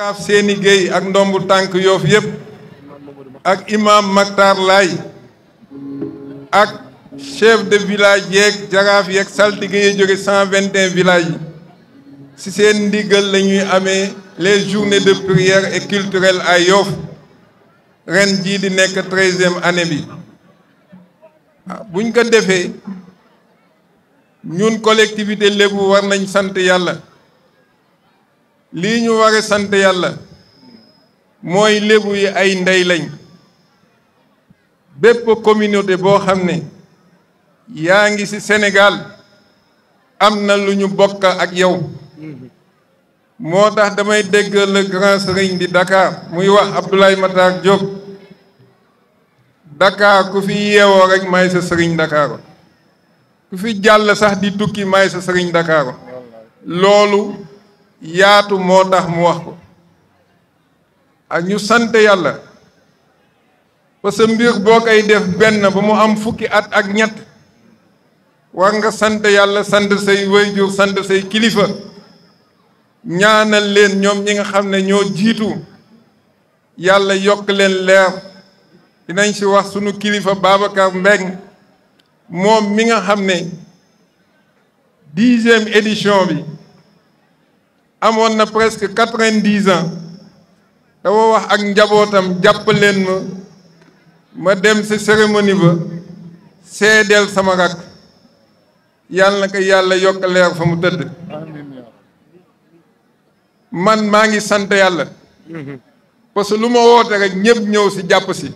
kaaf seeni géey ak ndombu tànk yoof yëpp ak imam Maktar ak chef de village yeeg jaraaf yeeg saltige yi jóge cent vingt et yi si seen ndigal lañuy ñuy amee les journées de prière et culturelles à Yoff ren jii di nekk treizième année bi ah, buñ ko defee ñun collectivité lébu war nañ sant yàlla lii ñu war sant yàlla mooy lébu yi ay ndey lañ bépp communauté boo xam ne yaa ngi ci Sénégal am na lu ñu bokk ak yow moo tax damay dégg le grand serigne di Dakar muy wax Abdoulaye Matar Diop Dakar ku fi yeewoo rek may sa sëriñ Dakar ku fi jàll sax di tukki may sa sëriñ Dakar loolu yaatu moo tax mu wax ko ak ñu sant yàlla parce que mbir boo koy def benn ba mu am fukki at ak ñett war nga sant yàlla sant say wayjur sant say kilifa ñaanal leen ñoom ñi nga xam ne ñoo jiitu yàlla yokk leen leer dinañ ci wax sunu kilifa Babacar Mbeng moom mi nga xam ne dixième édition bi amoon na presque quatre-vingt-dix ans dafa wax ak njabootam jàpp leen ma ma dem si cérémonie ba seedeel sama rakk yàlla na ko yàlla yokk leer fa mu tëdd man maa ngi sant yàlla parce que lu ma woote rek ñëpp ñëw si jàpp si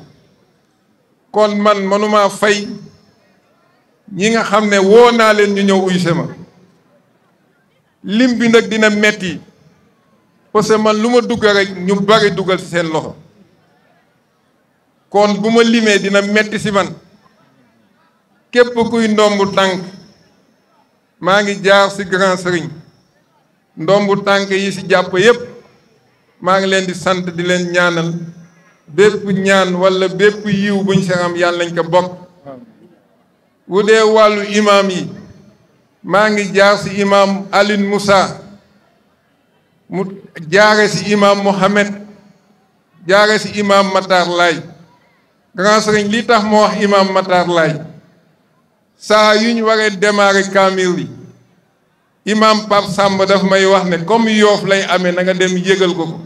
kon man mënumaa fay ñii nga xam ne woo naa leen ñu ñëw uyse ma lim bi nag dina metti parce que man lu ma dugg rekk ñu bari dugal ci seen loxo kon bu ma limee dina metti ci man képp kuy ndombu tànk maa ngi jaar ci grand sëriñ ndombu tànk yi ci jàpp yépp maa ngi leen di sant di leen ñaanal bépp ñaan walla bépp yiw buñ ci am yàlla nañ ko bokk bu wàllu imaam yi maa ngi jaar si imam Alioune Moussa mu jaare si imam Mohamed jaare si imam Matar Laay grand sëriñ li tax ma wax imam Matar Laay saa yu ñu waree démarrer kaamil yi imam Pape Samba daf may wax ne comme yoof lay amee na dem yëgal ko ko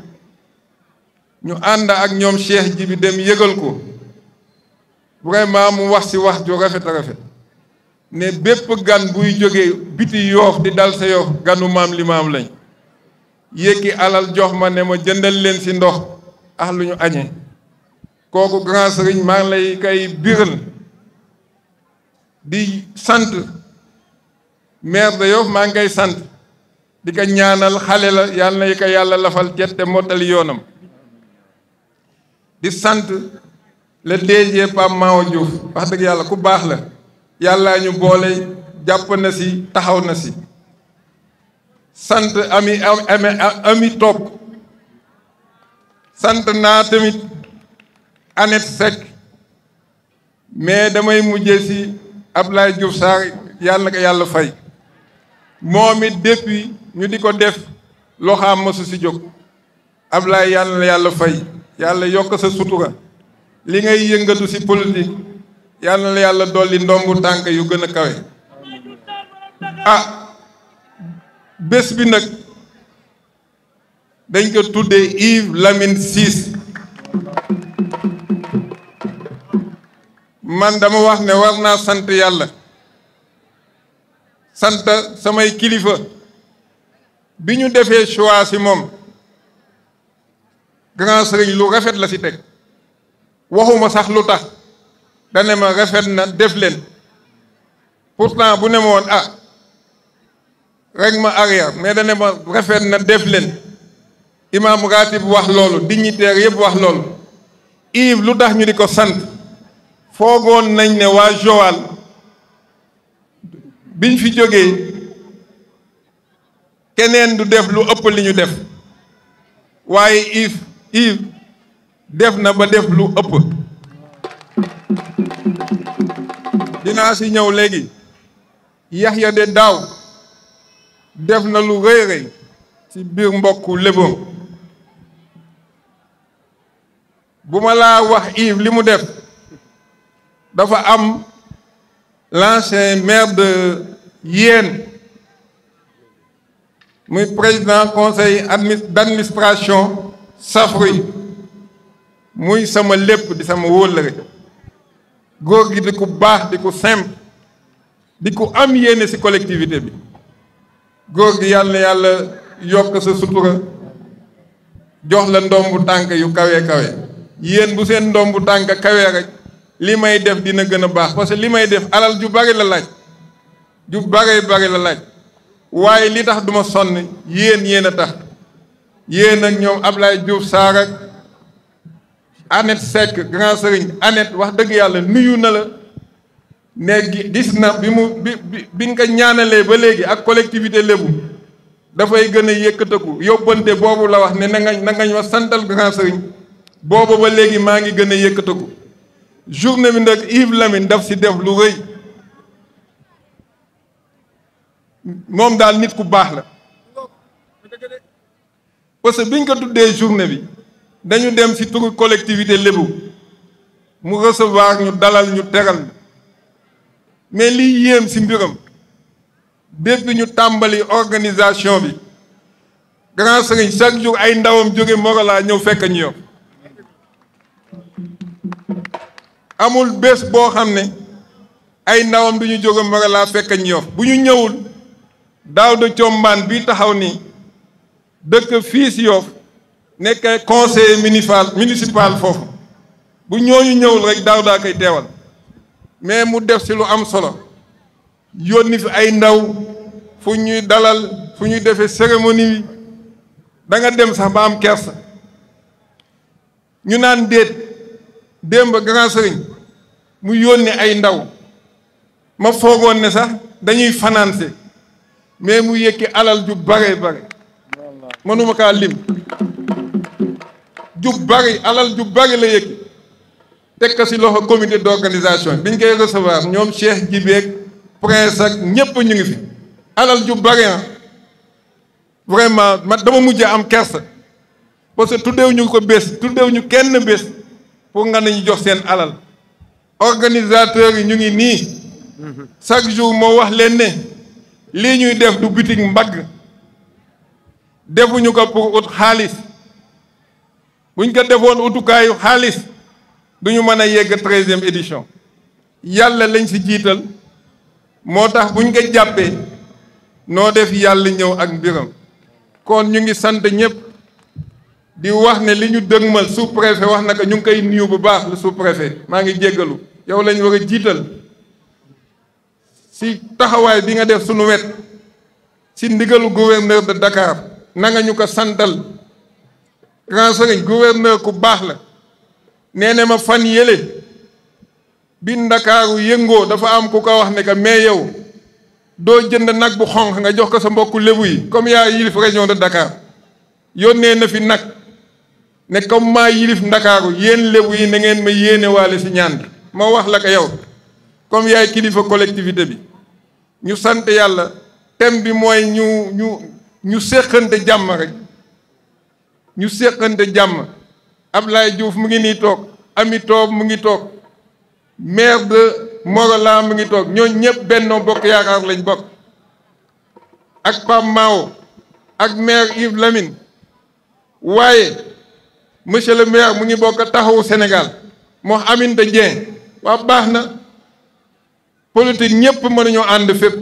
ñu ànd ak ñoom cheikh ji bi dem yëgal ko vraiment mu wax si wax ju rafet a rafet ne bépp gan buy jóge biti yoof di dal sa yoof ganu maam li maam lañ yékki alal jox ma ne ma jëndal leen ci ndox ax ah, lu ñu añee kooku grand sëriñ maa ngi lay kay biral di sant maire de yoof maa ngi koy sant di ko ñaanal xale la yàlla na ko yàlla lafal cet te mottali yoonam di sant le DG Pape Mao Diouf wax dëgg yàlla ku baax la yàlla ñu boole jàpp na si taxaw na si sant ami ami ami sant naa tamit Annette Seck mais damay mujjee si Abdoulaye Diouf saa yàlla na yàlla fay moom it depuis ñu di ko def loxaam masu ci jóg Abdoulaye yàlla na yàlla fay yàlla yokk sa sutura li ngay yëngatu si politique yal na la yàlla dolli ndombu tànk yu gën a kawe ah, ah. bés bi nag dañ ko tuddee Yves Lamine Ciss man dama wax ne war naa sant yàlla sant samay kilifa bi ñu defee choix ci moom grand sëriñ lu rafet la ci teg waxuma sax lu tax dane ma rafet na def leen pourtant bu ne ma woon ah rek ma arrière mais dane ma rafet na def leen imam ratib wax loolu dignitaire yëpp wax loolu Yves lu tax ñu di ko sant foogoon nañ ne waa Joal biñ fi jógee keneen du def lu ëpp li ñu def waaye Yves Yves def na ba def lu ëpp dinaa si ñëw léegi Yaxya de daaw def na lu rëy rëy ci biir mbokku lébam bu ma laa wax Yves li mu def dafa am l'ancien maire de Yène muy président conseil d'administration Safruy muy sama lépp di sama wóllëre góor gi di ku baax di ku simple di ku am yéene ci collectivité bi góor gi yàlla yàlla yokk sa sutura jox la ndombu tànk yu kawee kawe yéen bu seen bu tànk kawe rek li may def dina gën a baax parce que li may def alal ju bari la laaj ju bari bari la laaj waaye li tax duma sonn yéen yéen a tax yéen ak ñoom Ablaye Diouf Sarr ak Annette Seck grand sëriñ Annette wax dëgg yàlla nuyu na la mais gis na bi mu bi bi nga ñaanalee ba léegi ak collectivité lébu dafay gën a yëkkateku yóbbante boobu la wax ne na nga na nga ñu santal grand sëriñ boobu ba léegi maa ngi gën a yëkkateku journée bi nag Yves Lamine daf si def lu rëy moom daal nit ku baax la parce que biñ ko tuddee journée bi. dañu dem ci turu collectivité lébu mu recevoir ñu dalal ñu teral mais liy yéem ci mbiram depuis ñu tàmbali organisation bi grand sëriñ chaque jour ay ndawam jóge Morola ñëw fekk ñu yow amul bés boo xam ne ay ndawam du ñu jóge Morola fekk ñu yow bu ñu ñëwul daaw de combaan bi taxaw nii dëkk fii si Yoff nekk conseiller municipal municipal foofu bu ñooñu ñëwul rek daaw daa koy teewal mais mu def si lu am solo yónni fi ay ndaw fu ñuy dalal fu ñuy defee cérémonie bi da nga dem sax ba am kersa ñu naan déet démb grand mu yónni ay ndaw ma foogoon ne sax dañuy fanaanse mais mu yëkki alal ju bare bare mënuma kaa lim ju bari alal ju bari la yëg teg ko si loxo comité d'organisation biñ koy recevoir ñoom Cheikh Jibeek prince ak ñépp ñu ngi fi alal ju bari ah vraiment ma dama mujj am kersa parce que tuddeew ñu ko bés tuddeew ñu kenn bés pour nga nañu jox seen alal organisateurs yi ñu ngi nii chaque jour moo wax leen ne lii ñuy def du bitig mbagg defuñu ko pour ut xaalis buñ ko defoon utukaayu xaalis duñu mën a yegg treizième édition yàlla lañ si jiital moo tax buñ ko jàppee noo def yàlla ñëw ak mbiram kon ñu ngi sant ñëpp di wax ne li ñu dëgmal sous préfet wax naka ñu ngi koy nuyu bu baax le sous préfet maa ngi jéggalu yow lañu war jiital si taxawaay bi nga def suñu wet si ndigalu gouverneur de dakaar na nga ñu ko santal grand sëriñ gouverneur ku baax la nee na ma fan yële bi ndakaaru yëngoo dafa am ku ko wax ne que mais yow doo jënd nag bu xonq nga jox ko sa mbokku lébu yi comme yaa yilif région de Dakar yónnee na fi nag ne comme maa yilif ndakaaru yéen lébu yi na ngeen ma yéene waale si ñaan ma wax la ko yow comme yaay kilifa collectivité bi ñu sant yàlla thème bi mooy ñu ñu ñu séqante jàmm rek ñu séqante jàmm Ablaye Diouf mu ngi nii toog Ami Toob mu ngi toog maire de Morolan mu ngi toog ñooñu ñëpp Benno Bokk Yaakaar lañu bokk ak Pape Mao ak maire Yves Lamine waaye monsieur le maire mu ngi bokk taxawu Sénégal moo Aminata Dieng waa baax na politique ñëpp mënuñoo ànd fépp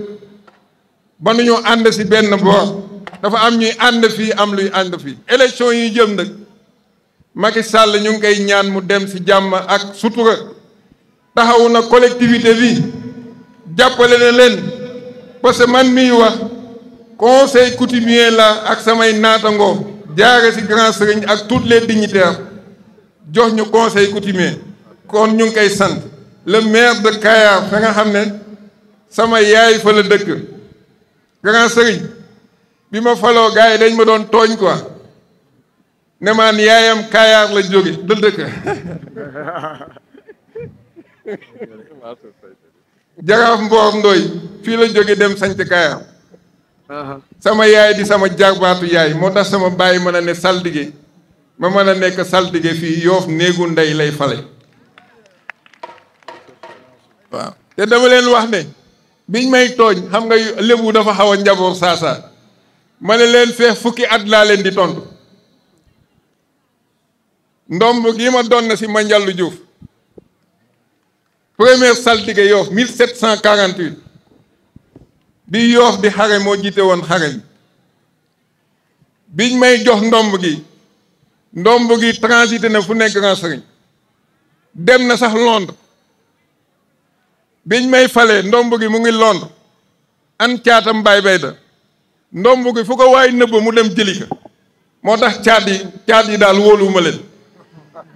mënuñoo ànd si benn boor dafa am ñuy ànd fii am luy ànd fii élection yi jëm nag Macky Sall ñu ngi koy ñaan mu dem si jàmm ak sutura taxawu na collectivité bi jàppale na leen parce que man miy wax conseil coutumier la ak samay naatangoo jaare si grand sëriñ ak toutes les dignitaires jox ñu conseil coutumier kon ñu ngi koy sant le maire de Kayar xam ne sama yaay fa la dëkk bi ma faloo gars yi dañ ma doon tooñ quoi ne yaayam kaayaar la jóge dël dëkk jaraaf mboor ndooy fii la jóge dem sanc kaayaar sama yaay di sama jarbaatu yaay moo tax sama bàyyi mën a ne saldige ma mën a nekk saldige fii yoof néegu ndey lay fale waaw te dama leen wax ne biñ may tooñ xam nga lébu dafa xaw a njaboor saasaa ma ne leen feex fukki at laa leen di tontu ndomb gi ma doon na si ma Diouf première saltige Yoff 1748 bi Yoff di xare moo jiite woon xare biñ may jox ndomb gi ndomb gi transité na fu nekk Grand Serigne dem na sax Londres biñ may fale ndomb gi mu ngi Londres an caatam bay bay da ndomb gi fu ko waay nëbb mu dem jëli ka moo tax caat yi caat yi daal wóoluwuma leen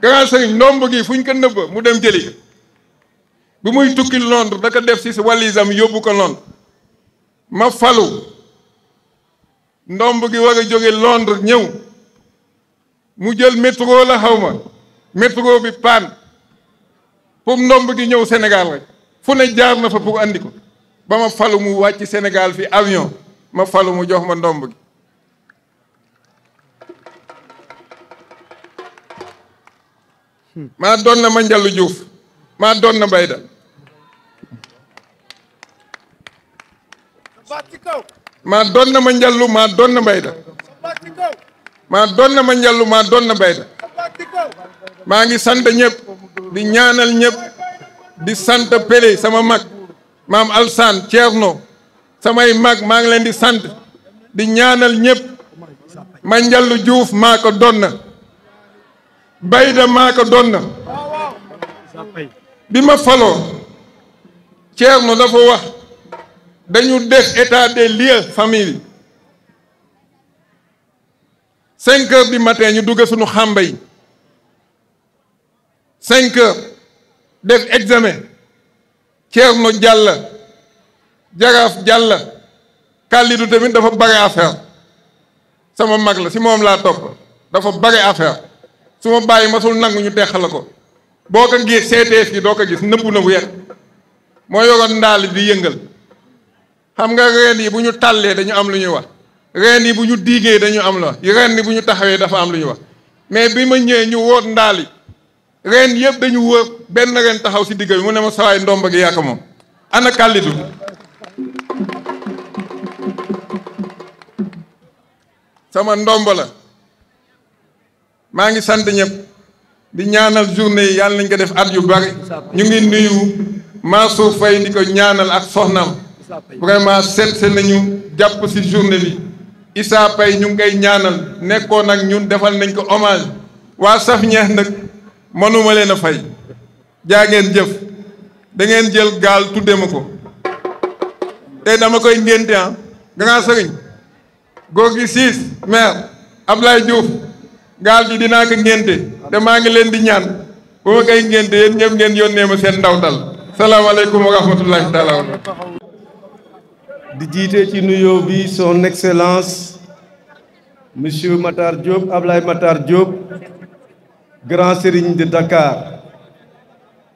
Grand Serigne ndomb gi fuñ ko nëbb mu dem jëli ka bi muy tukki Londres da def si walisam yóbbu ko Londres ma falu ndomb gi war a jóge Londres ñëw mu jël métro la xaw ma métro bi paan pour ndomb gi ñëw Sénégal rek fu ne jaar na fa pour àndiko ba ma falu mu wàcc Sénégal fi avion ma falu mu jox ma ndomb gi maa doon na ma njallu Juuf maa doon na Mbayda maa doon na ma njallu maa doon na Mbayda maa na ma njallu doon na Mbayda maa ngi sant ñëpp di ñaanal ñëpp di sant Pélé sama mag maam Alsaan Ceerno samay mag maa ngi leen di sant di ñaanal ñëpp Mandiallo Diouf maa ko doon na Bayda maa ko doon na bi ma faloo Thierno dafa wax dañu def état des lieux famille cinq heures du matin ñu dugg suñu xàmba yi cinq heures def examen Thierno Diallo jagaas jàll kàllidu tamit dafa bare affaire sama mag la si moom laa topp dafa bare affaire su ma bàyyi masul nangu ñu teqal ko boo ko gis seetee fii doo ko gis nëbbu na bu yegg moo yoroon ndaal di yëngal xam nga reen yi bu ñu tàllee dañu am lu ñuy wax reen yi bu ñu diigee dañu am la wax reen yi bu ñu taxawee dafa am lu ñuy wax mais bi ma ñëwee ñu wóor ndaal reen yëpp dañu wër benn reen taxaw si digg bi mu ne ma sawaay ndomba gi yàq moom ana kàllidu sama ndomba la maa ngi sant ñëpp di ñaanal journée yi yàlla nañ ko def at yu bari ñu ngi nuyu Mansour Faye di ko ñaanal ak soxnam vraiment seet se nañu jàpp ci journée yi Issa ñu ngay ñaanal nekkoon nag ñun defal nañ ko hommage waa saf ñeex nag mënuma leen a fay jaa ngeen jëf da jël gaal tudde ma ko te dama koy ngénte ah dangaa sëriñ Gorgui Ciss maire Ablaye Diouf gaal gi dinaa ko ngénte te maa ngi leen di ñaan bu ma koy ngénte yéen ñëpp ngeen yónnee ma seen ndawtal salaamaaleykum wa rahmatullahi taala wa di jiite ci nuyoo bi son excellence monsieur Matar Diop Ablaye Matar Diop grand serigne de Dakar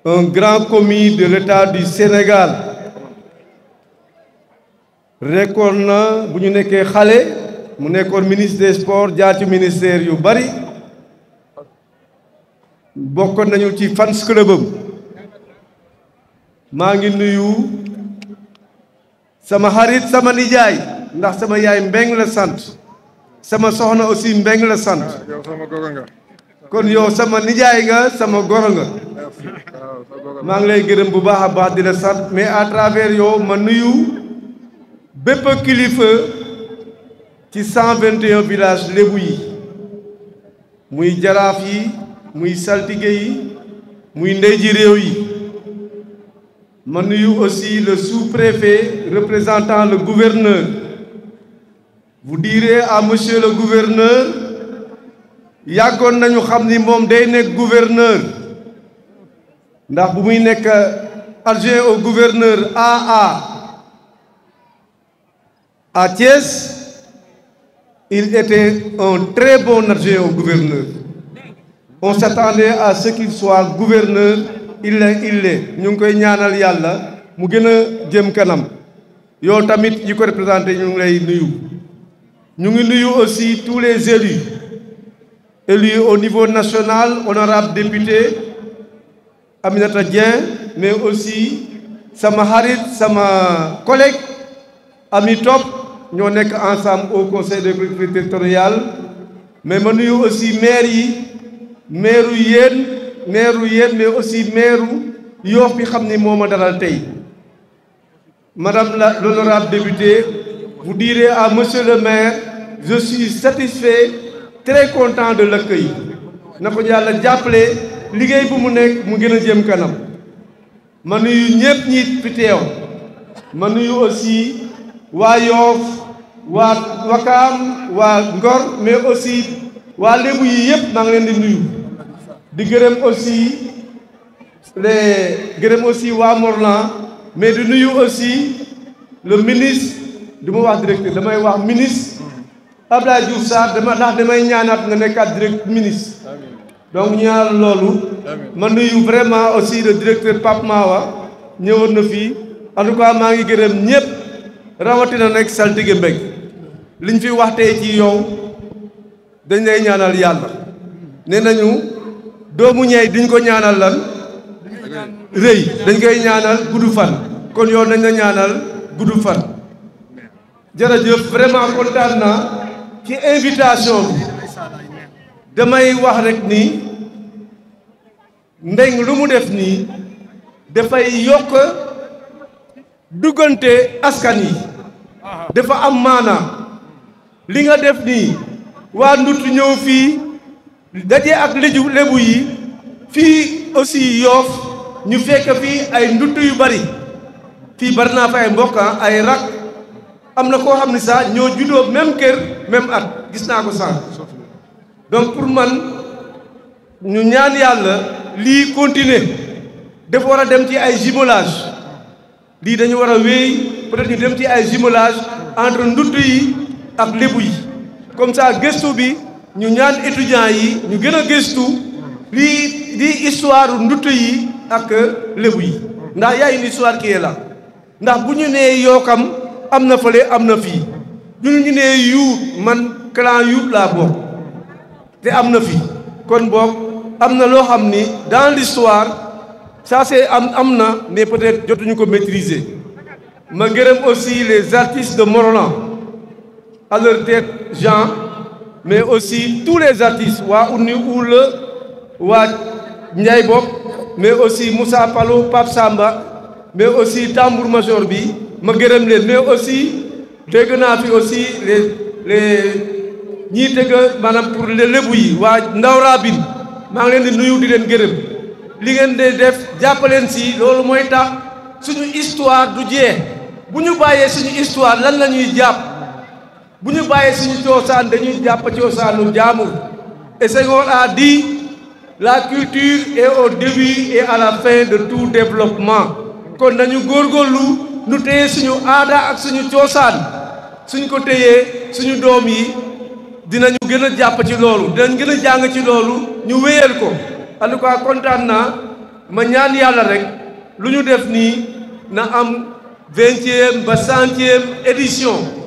un grand commis de l'État du Sénégal rekkoon na bu ñu nekkee xale mu nekkoon ministre des sports jaar ci ministère yu bari bokkoon nañu ci fans club maa ngi nuyu sama xarit sama nijaay ndax sama yaay mbeng la sant sama soxna aussi mbeng la sant kon yow sama nijaay nga sama goro nga maa ngi lay gërëm bu baax a baax di la sant mais à travers yow ma nuyu bépp kilifa ci cent vingt et un village lébu yi muy jaraaf yi muy saltige yi muy ndey ji réew yi ma nuyu aussi le sous-préfet représentant le gouverneur vous direz à monsieur le gouverneur yàggoon nañu xam ni moom day nekk gouverneur ndax bu muy nekk adjoint au gouverneur AA à Thiès Il était un très bon adjoint au gouverneur. On s'attendait à ce qu'il soit gouverneur il l'est il ngi koy ñaanal yàlla mu gën a jëm kanam yow tamit yi ko représenté ñu ngi lay nuyu ñu ngi nuyu aussi tous les élus élus au niveau national honorable député Aminata Dieng mais aussi sama xarit sama collègue Ami Top ñoo nekk ensemble au conseil des collectivités territoriales mais ma nuyu aussi maire yi maireu yéen maireu yéen mais aussi maireu Yoff yi xam ni moo ma dalal tey madame la l'honorable députée vous direz à monsieur le maire je suis satisfait très content de l'accueil na ko yàlla jàppale liggéey bu mu nekk mu gën a jëm kanam ma nuyu ñëpp ñi fi teew waa Yoff waa Wakaam waa Ngor mais aussi waa Lébu yi yëpp maa ngi leen di nuyu di gërëm aussi les gërëm aussi waa Morlan mais di nuyu aussi le ministre di ma wax directeur damay wax ministre Abdoulaye Diouf Sarr dama ndax damay ñaanaat nga nekkaat direct ministre donc ñaar ñaan loolu ma nuyu vraiment aussi le directeur Pape Mawa ñëwoon na fii en tout cas maa ngi gërëm ñëpp rawatina nekk saltige Mbeg liñ fi wax tey yow dañ lay ñaanal yàlla nee nañu doomu ñey diñ ko ñaanal lan rëy dañ koy ñaanal gudd fan kon yow nañ la ñaanal gudd fan jërëjëf vraiment kontaan na ci invitation bi damay wax rek ni ndeng lu mu def nii dafay yokk duggante askan yi dafa am li nga def nii waa ndut ñëw fii daje ak léju lébu yi fii aussi yoof ñu fekk fii ay ndut yu bari fii bari naa fa ay mbokk am na koo xam ne sax ñoo juddoo même kër même at gis naa ko sànq donc pour man ñu ñaan yàlla lii continuer dafa war a dem ci ay jumelage lii dañu war a wéy peut-être ñu dem ci ay jumelage entre ndut yi ak lébu yi comme ça gëstu bi ñu ñaan étudiants yi ñu gën a gëstu lii di histoire ndut yi ak lébu yi ndax yaay une histoire qui ndax bu ñu nee yookam am na fële am na fii ñun ñu nee yuut man clan yuut laa bokk te am na fi kon boog am na loo xam ni dans l'histoire ça c'est am am na mais peut-être jotuñu ko maîtriser ma gërëm aussi les artistes de Morolan à leur tête Jean mais aussi tous les artistes waa Ouni Oule waa Ndiaye Bopp mais aussi Moussa Pallo Pape Samba mais aussi tambour major bi ma gërëm leen mais aussi dégg naa fi aussi les les ñii dégg maanaam pour les lébu yi waa Ndawra bin maa ngi leen di nuyu di leen gërëm li ngeen di def jàppaleen si loolu mooy tax suñu histoire du jeex bu ñu bàyyee suñu histoire lan la ñuy jàpp bu ñu bàyyee suñu coosaan dañuy jàpp coosaanu jaamur et Senghor a di la culture est au début et à la fin de tout développement kon nañu góorgóorlu nu téye suñu aada ak suñu coosaan suñ ko téyee suñu doom yi dinañu gën a jàpp ci loolu dinañ gën a jàng ci loolu ñu wéyal ko en tout cas kontaan na ma ñaan yàlla rek lu ñu def nii na am vingtième ba centième édition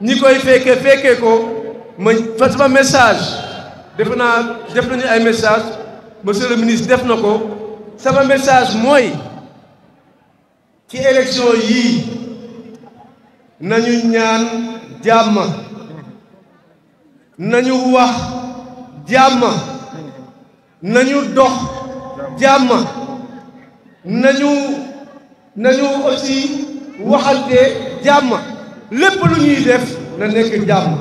ñi koy fekkee fekkee ko ma sama message def naa def nañu ay message monsieur le ministre def na ko sama message mooy ci élection yii nañu ñaan jàmm nañu wax jàmm nañu dox jàmm nañu nañu aussi waxante jàmm lépp lu ñuy def na nekk jàmm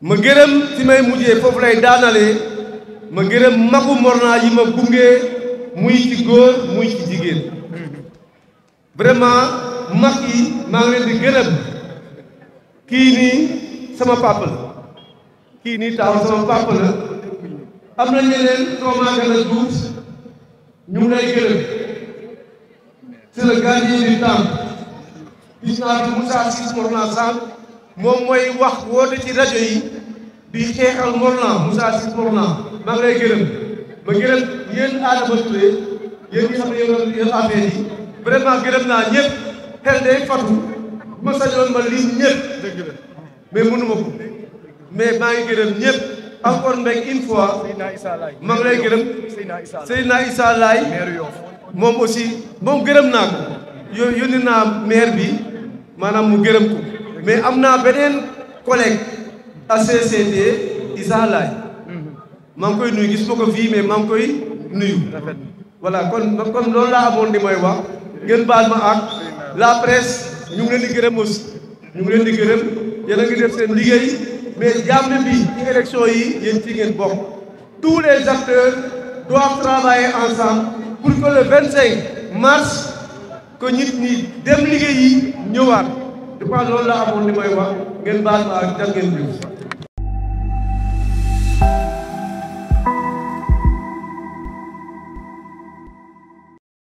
ma ngërëm ci may mujjee foofu lay ma ngërëm magu Morna yi ma gungee muy ci góor muy ci jigéen vraiment mag yi maa ngi di gërëm kii nii sama papa la kii nii taaw sama papa am na ñeneen soo maa gën a ñu ngi lay gërëm c'est le gardien du temple gis naa ci Moussa Cissé moom mooy wax woote ci rajo yi di xeexal Morlan Moussa Cissé Morlan maa lay gërëm ma gërëm yéen Adama Touré yéen ñi xam ne yéen yéen affaire yi vraiment gërëm naa ñëpp xel day fatu ma sañoon ma lii ñëpp dëgg la mais mënu ma mais maa ngi gërëm ñëpp encore mbéy une fois maa ngi lay gërëm Seydina Issa Laye moom aussi moom gërëm naa ko yo yónni naa maire bi maanaam mu gërëm ko mais am naa beneen collègue ACCD Issa Laye mm-hmm. maa ngi koy nuyu gis ma ko fii mais maa koy nuyu voilà kon kon loolu laa amoon di mooy wax ngeen baal ma ak la presse ñu ngi leen di gërëm aussi ñu ngi leen di gërëm yéen a ngi def seen liggéey mais jàmm bi ci élection yi yéen ci ngeen bokk tous les acteurs doivent travailler ensemble pour que le 25 mars que nit ñi dem liggéey yi ñëwaat je pense la amoon ni may wax ngeen baal ma ak jàngeen bi